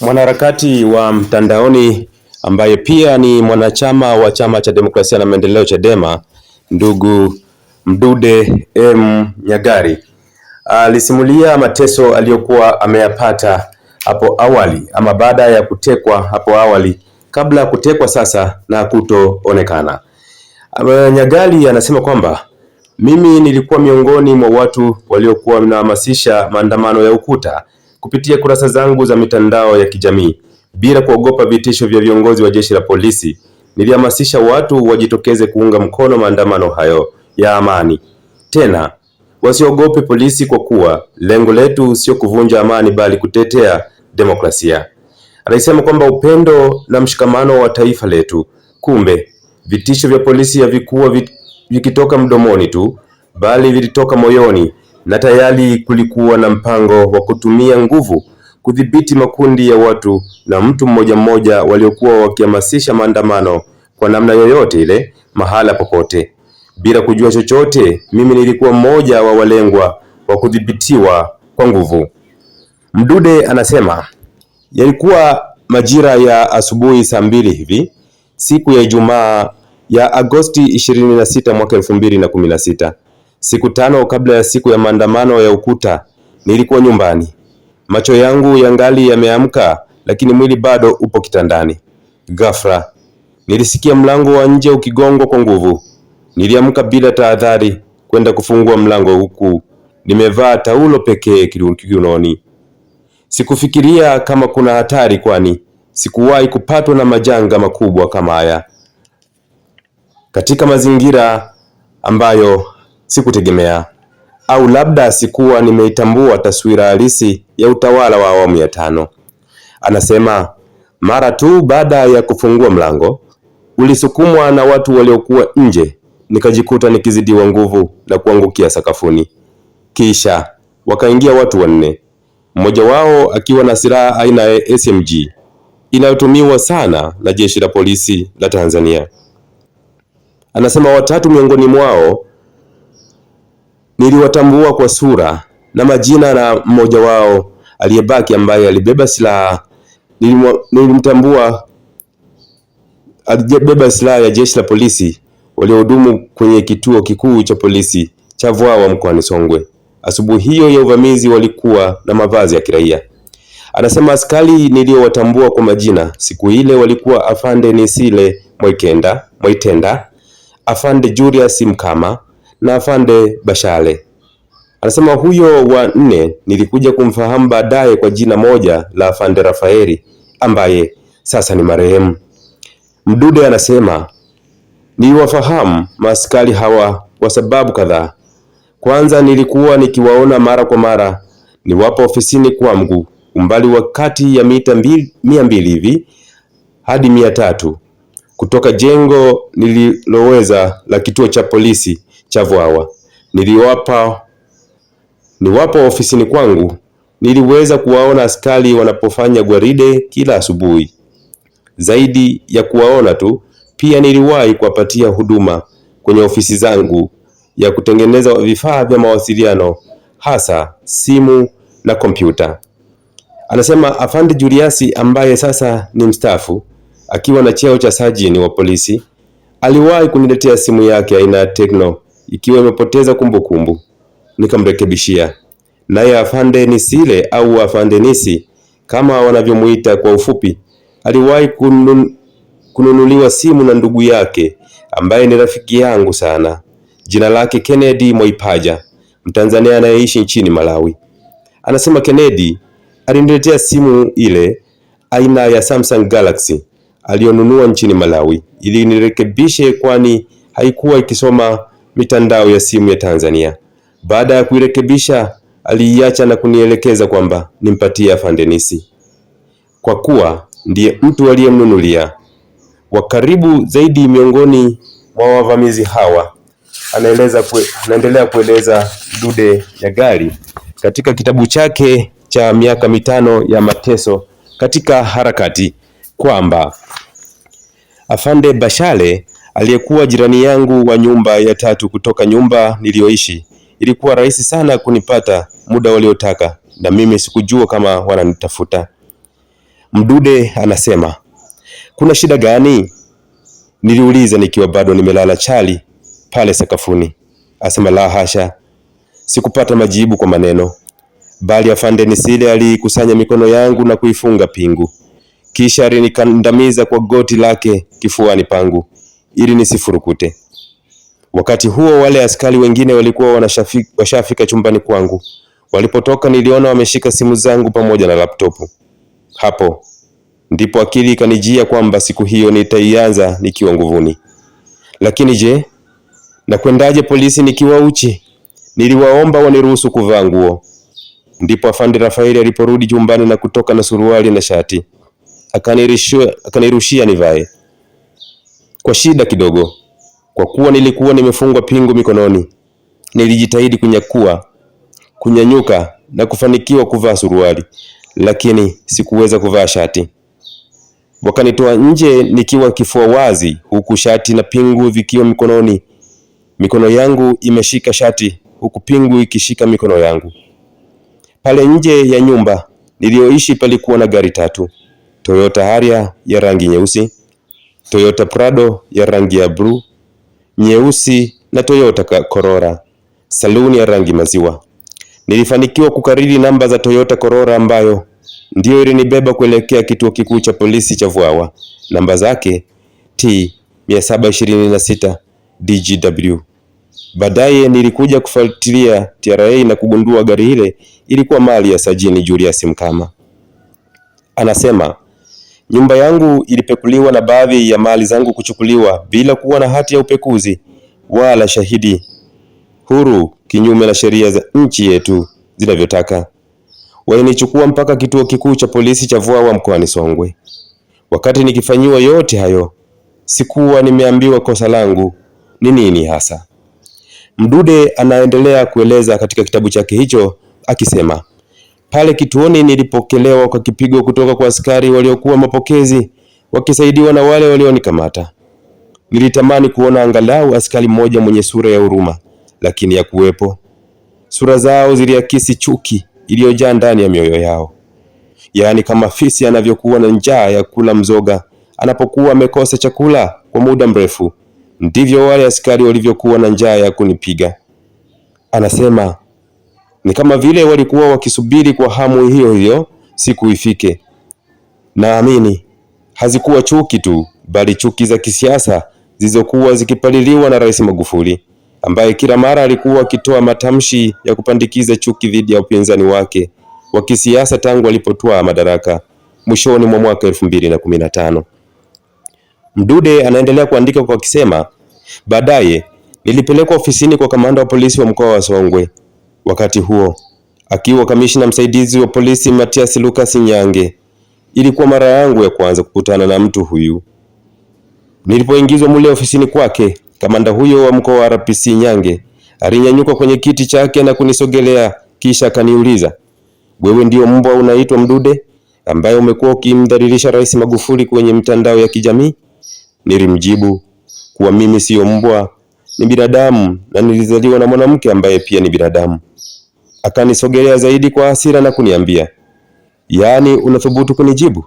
Mwanaharakati wa mtandaoni ambaye pia ni mwanachama wa chama cha demokrasia na maendeleo Chadema, ndugu Mdude M Nyagari alisimulia mateso aliyokuwa ameyapata hapo awali ama baada ya kutekwa hapo awali, kabla ya kutekwa sasa na kutoonekana. Nyagari anasema kwamba mimi nilikuwa miongoni mwa watu waliokuwa wanahamasisha maandamano ya ukuta kupitia kurasa zangu za mitandao ya kijamii bila kuogopa vitisho vya viongozi wa jeshi la polisi. Nilihamasisha watu wajitokeze kuunga mkono maandamano hayo ya amani. Tena wasiogope polisi, kwa kuwa lengo letu sio kuvunja amani, bali kutetea demokrasia. Alisema kwamba upendo na mshikamano wa taifa letu. Kumbe vitisho vya polisi havikuwa vikitoka mdomoni tu, bali vilitoka moyoni na tayari kulikuwa na mpango wa kutumia nguvu kudhibiti makundi ya watu na mtu mmoja mmoja waliokuwa wakihamasisha maandamano kwa namna yoyote ile mahala popote. Bila kujua chochote, mimi nilikuwa mmoja wa walengwa wa kudhibitiwa kwa nguvu. Mdude anasema yalikuwa majira ya asubuhi saa mbili hivi siku ya Ijumaa ya Agosti 26 mwaka 2016. Siku tano kabla ya siku ya maandamano ya ukuta, nilikuwa nyumbani. Macho yangu yangali yameamka, lakini mwili bado upo kitandani. Ghafla nilisikia mlango wa nje ukigongwa kwa nguvu. Niliamka bila tahadhari kwenda kufungua mlango, huku nimevaa taulo pekee kiunoni. Sikufikiria kama kuna hatari, kwani sikuwahi kupatwa na majanga makubwa kama haya katika mazingira ambayo Sikutegemea au labda sikuwa nimeitambua taswira halisi ya utawala wa awamu ya tano. Anasema mara tu baada ya kufungua mlango ulisukumwa na watu waliokuwa nje, nikajikuta nikizidiwa nguvu na kuangukia sakafuni. Kisha wakaingia watu wanne, mmoja wao akiwa na silaha aina ya SMG inayotumiwa sana na jeshi la polisi la Tanzania. Anasema watatu miongoni mwao Niliwatambua kwa sura na majina, na mmoja wao aliyebaki ambaye alibeba silaha nilimtambua, alibeba silaha ya jeshi la polisi waliohudumu kwenye kituo kikuu cha polisi cha Vwawa mkoani Songwe. Asubuhi hiyo ya uvamizi walikuwa na mavazi ya kiraia. Anasema askari niliyowatambua kwa majina siku ile walikuwa Afande Nisile Mwaitenda, Afande Julius Mkama, na afande Bashale. Anasema huyo wa nne nilikuja kumfahamu baadaye kwa jina moja la afande Rafaeli ambaye sasa ni marehemu. Mdude anasema niliwafahamu maskari hawa kwa sababu kadhaa. Kwanza, nilikuwa nikiwaona mara kwa mara niwapo ofisini kwa mgu umbali wa kati ya mita mia mbili hivi hadi mia tatu kutoka jengo nililoweza la kituo cha polisi cha Vwawa niliwapa niwapo ofisini kwangu niliweza kuwaona askari wanapofanya gwaride kila asubuhi. Zaidi ya kuwaona tu, pia niliwahi kuwapatia huduma kwenye ofisi zangu ya kutengeneza vifaa vya mawasiliano hasa simu na kompyuta. Anasema Afande Juliasi ambaye sasa ni mstaafu akiwa na cheo cha sajini wa polisi aliwahi kuniletea simu yake aina ya Tecno ikiwa imepoteza kumbukumbu. Nikamrekebishia, naye afande Nisile au afande Nisi kama wanavyomuita kwa ufupi, aliwahi kunun, kununuliwa simu na ndugu yake ambaye ni rafiki yangu sana, jina lake Kennedy Moipaja, Mtanzania anayeishi nchini Malawi. Anasema Kennedy aliniletea simu ile aina ya Samsung Galaxy aliyonunua nchini Malawi ili nirekebishe, kwani haikuwa ikisoma mitandao ya simu ya Tanzania. Baada ya kuirekebisha, aliiacha na kunielekeza kwamba nimpatie afande Nisi kwa kuwa ndiye mtu aliyemnunulia. Wa karibu zaidi miongoni mwa wavamizi hawa, anaeleza kwe, anaendelea kueleza Dude Nyagali katika kitabu chake cha miaka mitano ya mateso katika harakati kwamba Afande Bashale aliyekuwa jirani yangu wa nyumba ya tatu kutoka nyumba niliyoishi. Ilikuwa rahisi sana kunipata muda waliotaka, na mimi sikujua kama wananitafuta. Mdude anasema, kuna shida gani? Niliuliza nikiwa bado nimelala chali pale sakafuni. Asema, la hasha. Sikupata majibu kwa maneno, bali afande Nisile aliikusanya mikono yangu na kuifunga pingu, kisha alinikandamiza kwa goti lake kifuani pangu ili nisifurukute. Wakati huo wale askari wengine walikuwa washafika chumbani kwangu. Walipotoka niliona wameshika simu zangu pamoja na laptopu. Hapo ndipo akili ikanijia kwamba siku hiyo nitaianza nikiwa nguvuni. Lakini je, nakwendaje polisi nikiwa uchi? Niliwaomba waniruhusu kuvaa nguo. Ndipo afande Rafaeli aliporudi jumbani na kutoka na suruali na shati, akanirushia nivae kwa shida kidogo, kwa kuwa nilikuwa nimefungwa pingu mikononi. Nilijitahidi kunyakua, kunyanyuka na kufanikiwa kuvaa suruali, lakini sikuweza kuvaa shati. Wakanitoa nje nikiwa kifua wazi, huku shati na pingu vikiwa mikononi. Mikono yangu imeshika shati, huku pingu ikishika mikono yangu. Pale nje ya nyumba niliyoishi palikuwa na gari tatu, Toyota Harrier ya rangi nyeusi Toyota Prado ya rangi ya bluu, nyeusi na Toyota Corolla saluni ya rangi maziwa. Nilifanikiwa kukariri namba za Toyota Corolla ambayo ndiyo ilinibeba kuelekea kituo kikuu cha polisi cha Vwawa. Namba zake T 726 DGW. Baadaye nilikuja kufuatilia TRA na kugundua gari ile ilikuwa mali ya Sajini Julius Mkama. Anasema Nyumba yangu ilipekuliwa na baadhi ya mali zangu kuchukuliwa bila kuwa na hati ya upekuzi wala shahidi huru, kinyume na sheria za nchi yetu zinavyotaka. Walinichukua mpaka kituo kikuu cha polisi cha Vwawa mkoani Songwe. Wakati nikifanyiwa yote hayo, sikuwa nimeambiwa kosa langu ni nini hasa. Mdude anaendelea kueleza katika kitabu chake hicho akisema pale kituoni nilipokelewa kwa kipigo kutoka kwa askari waliokuwa mapokezi wakisaidiwa na wale walionikamata. Nilitamani kuona angalau askari mmoja mwenye sura ya huruma, lakini ya kuwepo. Sura zao ziliakisi chuki iliyojaa ndani ya mioyo yao, yaani kama fisi anavyokuwa na njaa ya kula mzoga anapokuwa amekosa chakula kwa muda mrefu, ndivyo wale askari walivyokuwa na njaa ya kunipiga. Anasema ni kama vile walikuwa wakisubiri kwa hamu hiyo hiyo siku ifike. Naamini hazikuwa chuki tu, bali chuki za kisiasa zilizokuwa zikipaliliwa na Rais Magufuli ambaye kila mara alikuwa akitoa matamshi ya kupandikiza chuki dhidi ya upinzani wake wa kisiasa tangu alipotwaa madaraka mwishoni mwa mwaka elfu mbili na kumi na tano. Mdude anaendelea kuandika kwa kisema baadaye nilipelekwa ofisini kwa kamanda wa polisi wa mkoa wa Songwe Wakati huo akiwa kamishna msaidizi wa polisi Matias Lucas Nyange. Ilikuwa mara yangu ya kwanza kukutana na mtu huyu. Nilipoingizwa mule ofisini kwake, kamanda huyo wa mkoa wa RPC Nyange alinyanyuka kwenye kiti chake na kunisogelea, kisha akaniuliza, wewe ndio mbwa unaitwa Mdude ambaye umekuwa ukimdhalilisha Rais Magufuli kwenye mtandao ya kijamii? Nilimjibu kuwa mimi siyo mbwa, ni binadamu na nilizaliwa na mwanamke ambaye pia ni binadamu. Akanisogelea zaidi kwa hasira na kuniambia, yaani unathubutu kunijibu?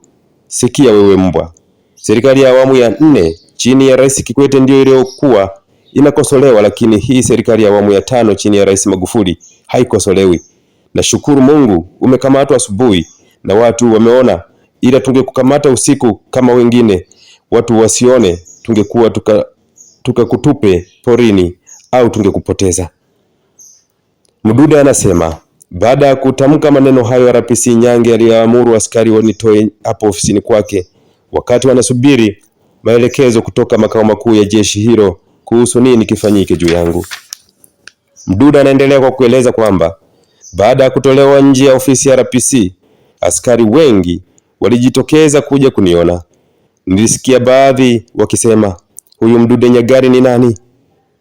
Sikia wewe mbwa, serikali ya awamu ya nne chini ya Rais Kikwete ndiyo iliyokuwa inakosolewa, lakini hii serikali ya awamu ya tano chini ya Rais Magufuli haikosolewi. Nashukuru Mungu umekamatwa asubuhi na watu wameona, ila tungekukamata usiku kama wengine watu wasione, tungekuwa tukakutupe tuka porini au tungekupoteza. Mdude anasema baada ya kutamka maneno hayo, RPC Nyange aliyoamuru askari wanitoe hapo ofisini kwake, wakati wanasubiri maelekezo kutoka makao makuu ya jeshi hilo kuhusu nini kifanyike juu yangu. Mdude anaendelea kwa kueleza kwamba baada ya kutolewa nje ya ofisi ya RPC, askari wengi walijitokeza kuja kuniona. Nilisikia baadhi wakisema, huyu Mdude Nyagari ni nani?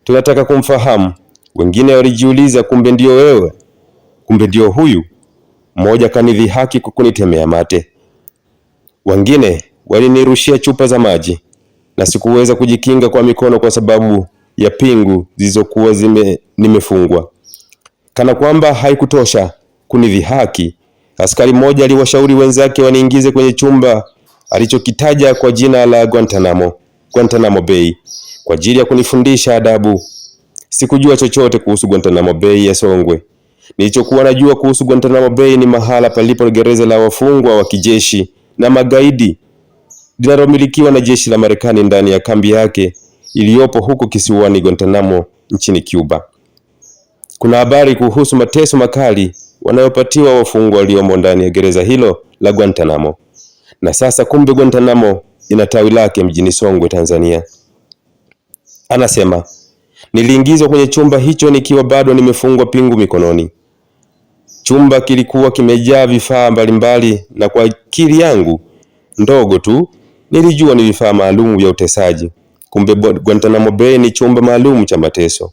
Tunataka kumfahamu. Wengine walijiuliza kumbe ndio wewe, kumbe ndio huyu. Mmoja kanidhihaki kwa kunitemea mate, wengine walinirushia chupa za maji, na sikuweza kujikinga kwa mikono kwa sababu ya pingu zilizokuwa nimefungwa. Kana kwamba haikutosha kunidhihaki, askari mmoja aliwashauri wenzake waniingize kwenye chumba alichokitaja kwa jina la Guantanamo, Guantanamo Bay kwa ajili ya kunifundisha adabu Sikujua chochote kuhusu Guantanamo Bay ya Songwe. Nilichokuwa najua kuhusu Guantanamo Bay ni mahala palipo gereza la wafungwa wa kijeshi na magaidi linalomilikiwa na jeshi la Marekani ndani ya kambi yake iliyopo huko kisiwani Guantanamo nchini Cuba. Kuna habari kuhusu mateso makali wanayopatiwa wafungwa waliomo ndani ya gereza hilo la Guantanamo. Na sasa kumbe Guantanamo ina tawi lake mjini Songwe, Tanzania. Anasema Niliingizwa kwenye chumba hicho nikiwa bado nimefungwa pingu mikononi. Chumba kilikuwa kimejaa vifaa mbalimbali, na kwa akili yangu ndogo tu nilijua ni vifaa maalum vya utesaji. Kumbe Guantanamo Bay ni chumba maalum cha mateso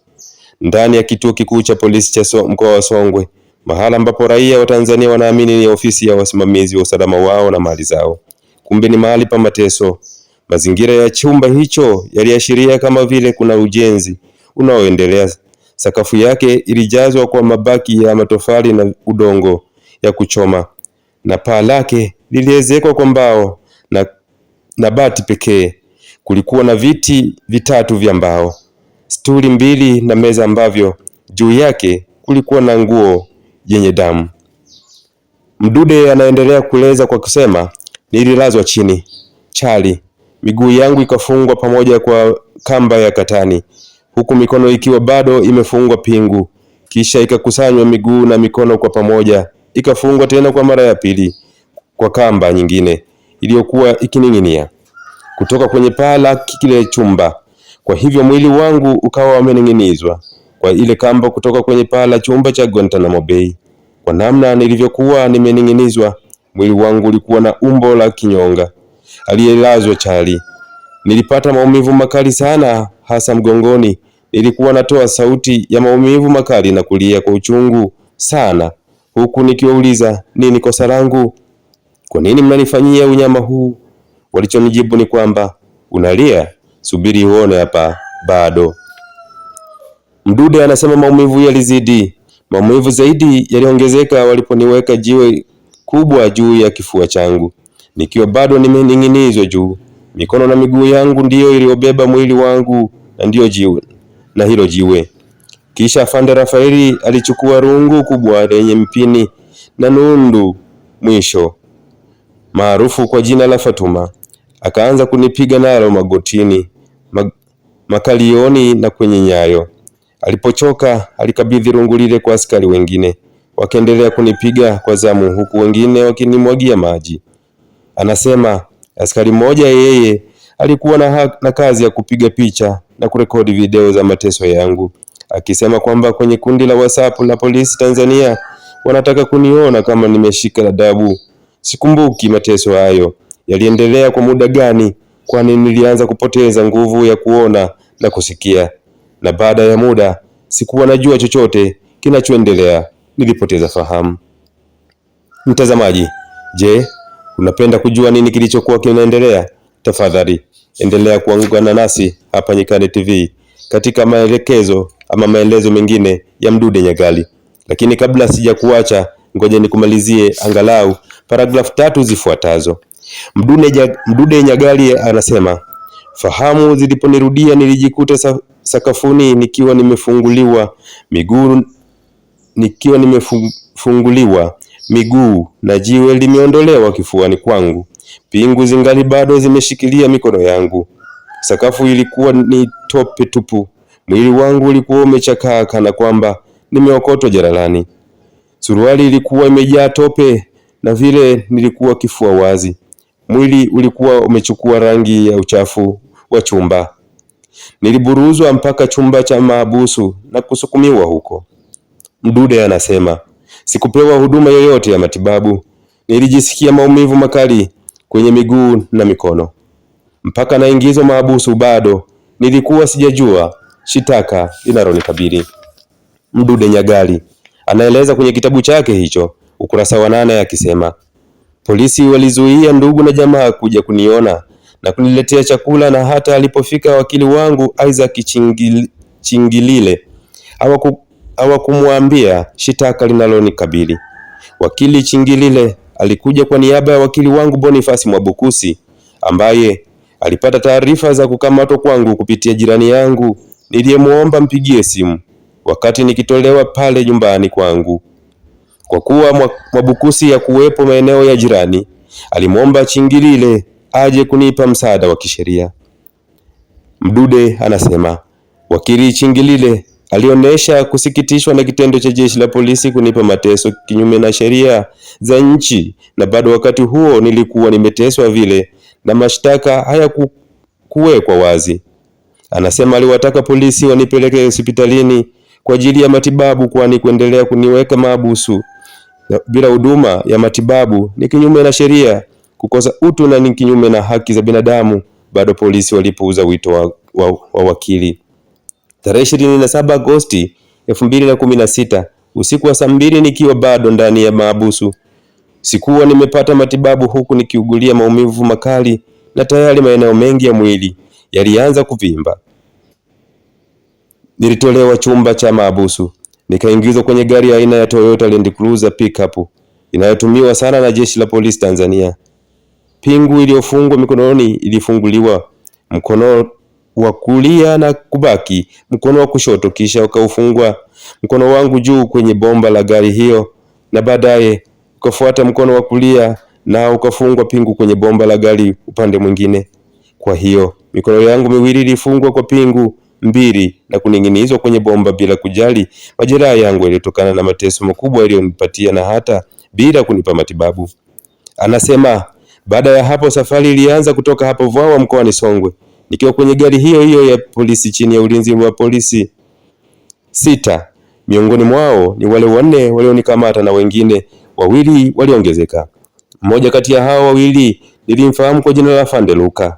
ndani ya kituo kikuu cha polisi cha so, mkoa wa Songwe, mahala ambapo raia wa Tanzania wanaamini ni ofisi ya wasimamizi wa usalama wao na mali zao. Kumbe ni mahali pa mateso. Mazingira ya chumba hicho yaliashiria kama vile kuna ujenzi unaoendelea. Sakafu yake ilijazwa kwa mabaki ya matofali na udongo ya kuchoma, na paa lake liliezekwa kwa mbao na, na bati pekee. Kulikuwa na viti vitatu vya mbao, stuli mbili na meza, ambavyo juu yake kulikuwa na nguo yenye damu. Mdude anaendelea kueleza kwa kusema, nililazwa chini chali, miguu yangu ikafungwa pamoja kwa kamba ya katani, huku mikono ikiwa bado imefungwa pingu, kisha ikakusanywa miguu na mikono kwa pamoja, ikafungwa tena kwa mara ya pili kwa kamba nyingine iliyokuwa ikining'inia kutoka kwenye paa la kile chumba. Kwa hivyo mwili wangu ukawa umening'inizwa kwa ile kamba kutoka kwenye paa la chumba cha Guantanamo Bay. Kwa namna nilivyokuwa nimening'inizwa, mwili wangu ulikuwa na umbo la kinyonga aliyelazwa chali. Nilipata maumivu makali sana, hasa mgongoni, Ilikuwa natoa sauti ya maumivu makali na kulia kwa uchungu sana, huku nikiwauliza nini kosa langu? Kwa nini mnanifanyia unyama huu? Walichonijibu ni kwamba unalia, subiri uone hapa bado. Mdude anasema maumivu yalizidi, maumivu zaidi yaliongezeka waliponiweka jiwe kubwa juu ya kifua changu, nikiwa bado nimening'inizwa juu. Mikono na miguu yangu ndiyo iliyobeba mwili wangu na ndiyo jiwe na hilo jiwe. Kisha fande Rafaeli alichukua rungu kubwa lenye mpini na nundu mwisho maarufu kwa jina la Fatuma, akaanza kunipiga nalo magotini, mag makalioni na kwenye nyayo. Alipochoka alikabidhi rungu lile kwa askari wengine, wakaendelea kunipiga kwa zamu, huku wengine wakinimwagia maji. Anasema askari mmoja yeye alikuwa na, na kazi ya kupiga picha na kurekodi video za mateso yangu, akisema kwamba kwenye kundi la WhatsApp la polisi Tanzania wanataka kuniona kama nimeshika adabu. Sikumbuki mateso hayo yaliendelea kwa muda gani, kwani nilianza kupoteza nguvu ya kuona na kusikia, na baada ya muda sikuwa najua chochote kinachoendelea, nilipoteza fahamu. Mtazamaji, je, unapenda kujua nini kilichokuwa kinaendelea? Tafadhali endelea kuangukana nasi hapa Nyikani TV katika maelekezo ama maelezo mengine ya Mdude Nyagali. Lakini kabla sijakuacha, ngoja nikumalizie angalau paragrafu tatu zifuatazo. Mdude, Mdude Nyagali anasema fahamu ziliponirudia nilijikuta sakafuni nikiwa nimefunguliwa miguu nikiwa nimefunguliwa miguu na jiwe limeondolewa kifuani kwangu. Pingu zingali bado zimeshikilia mikono yangu. Sakafu ilikuwa ni tope tupu. Mwili wangu ulikuwa umechakaa kana kwamba nimeokotwa jalalani. Suruali ilikuwa imejaa tope na vile nilikuwa kifua wazi. Mwili ulikuwa umechukua rangi ya uchafu wa chumba. Niliburuzwa mpaka chumba cha maabusu na kusukumiwa huko. Mdude anasema sikupewa huduma yoyote ya matibabu. Nilijisikia maumivu makali kwenye miguu na mikono. Mpaka naingizwa maabusu bado nilikuwa sijajua shitaka linalonikabili. Mdude Nyagali anaeleza kwenye kitabu chake hicho ukurasa wa nane akisema polisi walizuia ndugu na jamaa kuja kuniona na kuniletea chakula, na hata alipofika wakili wangu Isaac Chingil, Chingilile hawakumwambia shitaka linalonikabili. Wakili Chingilile alikuja kwa niaba ya wakili wangu Bonifasi Mwabukusi ambaye alipata taarifa za kukamatwa kwangu kupitia jirani yangu niliyemwomba mpigie simu wakati nikitolewa pale nyumbani kwangu. Kwa kuwa Mwabukusi ya kuwepo maeneo ya jirani, alimwomba Chingilile aje kunipa msaada wa kisheria. Mdude anasema wakili Chingilile alionyesha kusikitishwa na kitendo cha jeshi la polisi kunipa mateso kinyume na sheria za nchi, na bado wakati huo nilikuwa nimeteswa vile, na mashtaka hayakuwekwa wazi. Anasema aliwataka polisi wanipeleke hospitalini kwa ajili ya matibabu, kwani kuendelea kuniweka maabusu bila huduma ya matibabu ni kinyume na sheria, kukosa utu na ni kinyume na haki za binadamu. Bado polisi walipuuza wito wa, wa, wa wakili tarehe ishirini na saba Agosti elfu mbili na kumi na sita usiku wa saa mbili nikiwa bado ndani ya maabusu. Sikuwa nimepata matibabu huku nikiugulia maumivu makali na tayari maeneo mengi ya mwili yalianza kuvimba. Nilitolewa chumba cha maabusu nikaingizwa kwenye gari aina ya Toyota Land Cruiser pickup inayotumiwa sana na jeshi la polisi Tanzania. Pingu iliyofungwa mikononi ilifunguliwa mkono, wa kulia na kubaki, mkono wa kushoto kisha ukaufungua mkono wangu juu kwenye bomba la gari hiyo, na baadaye ukafuata mkono wa kulia na ukafungwa pingu kwenye bomba la gari upande mwingine. Kwa hiyo mikono yangu miwili ilifungwa kwa pingu mbili na kuning'inizwa kwenye bomba bila kujali. Majeraha yangu yalitokana na mateso makubwa yaliyonipatia na hata bila kunipa matibabu, anasema. Baada ya hapo, safari ilianza kutoka hapo Vwawa mkoani Songwe nikiwa kwenye gari hiyo hiyo ya polisi chini ya ulinzi wa polisi. Sita miongoni mwao ni wale wanne walionikamata na wengine wawili waliongezeka. Mmoja kati ya hao wawili nilimfahamu kwa jina la Fande Luka,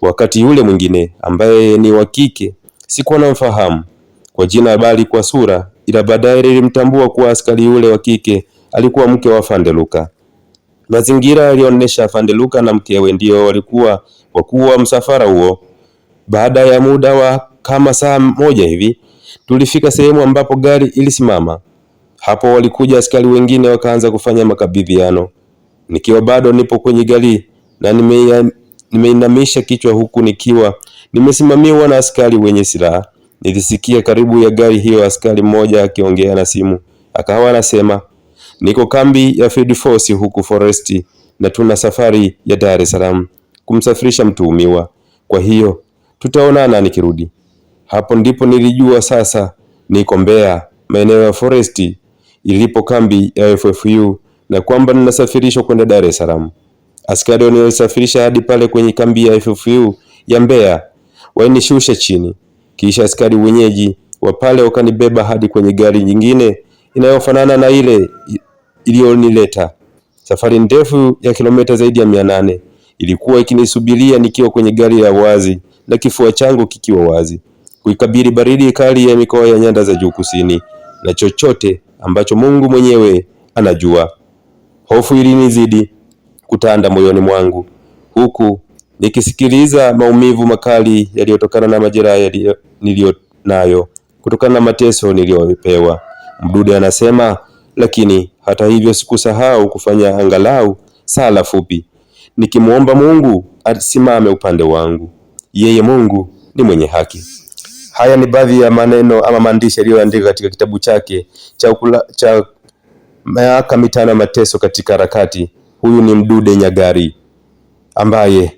wakati yule mwingine ambaye ni wa kike sikuwa namfahamu kwa jina bali kwa sura, ila baadaye nilimtambua kuwa askari yule wa kike alikuwa mke wa Fande Luka. Mazingira yalionyesha Fande Luka na mkewe ndio walikuwa wakuu wa msafara huo baada ya muda wa kama saa moja hivi tulifika sehemu ambapo gari ilisimama. Hapo walikuja askari wengine wakaanza kufanya makabidhiano. Nikiwa bado nipo kwenye gari na nimeinamisha kichwa huku nikiwa nimesimamiwa na askari wenye silaha. Nilisikia karibu ya gari hiyo askari mmoja akiongea na simu, akawa anasema niko kambi ya Field Force huku Foresti na tuna safari ya Dar es Salaam kumsafirisha mtuhumiwa, kwa hiyo tutaonana nikirudi. Hapo ndipo nilijua sasa niko Mbeya, maeneo ya Foresti ilipo kambi ya FFU na kwamba ninasafirishwa kwenda Dar es Salaam. Askari walionisafirisha hadi pale kwenye kambi ya FFU ya Mbeya wainishusha chini, kisha askari wenyeji wa pale wakanibeba hadi kwenye gari nyingine inayofanana na ile iliyonileta. Safari ndefu ya kilomita zaidi ya mia nane ilikuwa ikinisubiria nikiwa kwenye gari ya wazi na kifua changu kikiwa wazi, kuikabili baridi kali ya mikoa ya nyanda za juu kusini na chochote ambacho Mungu mwenyewe anajua. Hofu ilinizidi kutanda moyoni mwangu huku nikisikiliza maumivu makali yaliyotokana na majeraha niliyo nayo kutokana na mateso niliyopewa. Mdude anasema, lakini hata hivyo sikusahau kufanya angalau sala fupi, nikimwomba Mungu asimame upande wangu yeye Mungu ni mwenye haki. Haya ni baadhi ya maneno ama maandishi aliyoandika katika kitabu chake cha, ukula, cha miaka mitano ya mateso katika harakati. Huyu ni Mdude Nyagari ambaye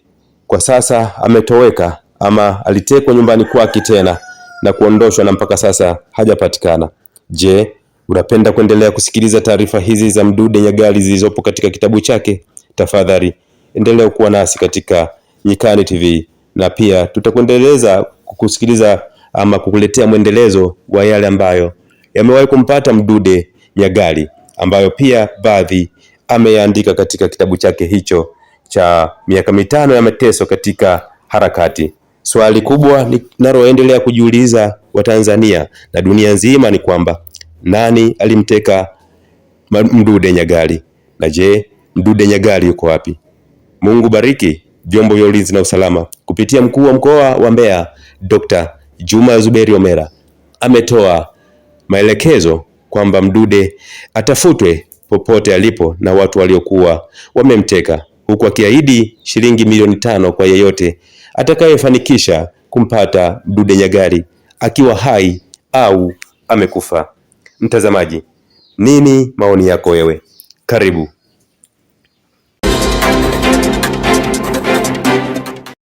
kwa sasa ametoweka ama alitekwa nyumbani kwake tena na kuondoshwa na mpaka sasa hajapatikana. Je, unapenda kuendelea kusikiliza taarifa hizi za Mdude Nyagali zilizopo katika kitabu chake? Tafadhali endelea kuwa nasi katika Nyikani TV na pia tutakuendeleza kukusikiliza ama kukuletea mwendelezo wa yale ambayo yamewahi kumpata Mdude Nyagali, ambayo pia baadhi ameandika katika kitabu chake hicho cha miaka mitano ya mateso katika harakati. Swali kubwa linaloendelea kujiuliza Watanzania na dunia nzima ni kwamba nani alimteka Mdude Nyagali, na je, Mdude Nyagali yuko wapi? Mungu bariki vyombo vya ulinzi na usalama kupitia mkuu wa mkoa wa Mbeya Dr. Juma Zuberi Omera ametoa maelekezo kwamba Mdude atafutwe popote alipo na watu waliokuwa wamemteka huku akiahidi shilingi milioni tano kwa yeyote atakayefanikisha kumpata Mdude Nyagali akiwa hai au amekufa. Mtazamaji, nini maoni yako wewe? Karibu.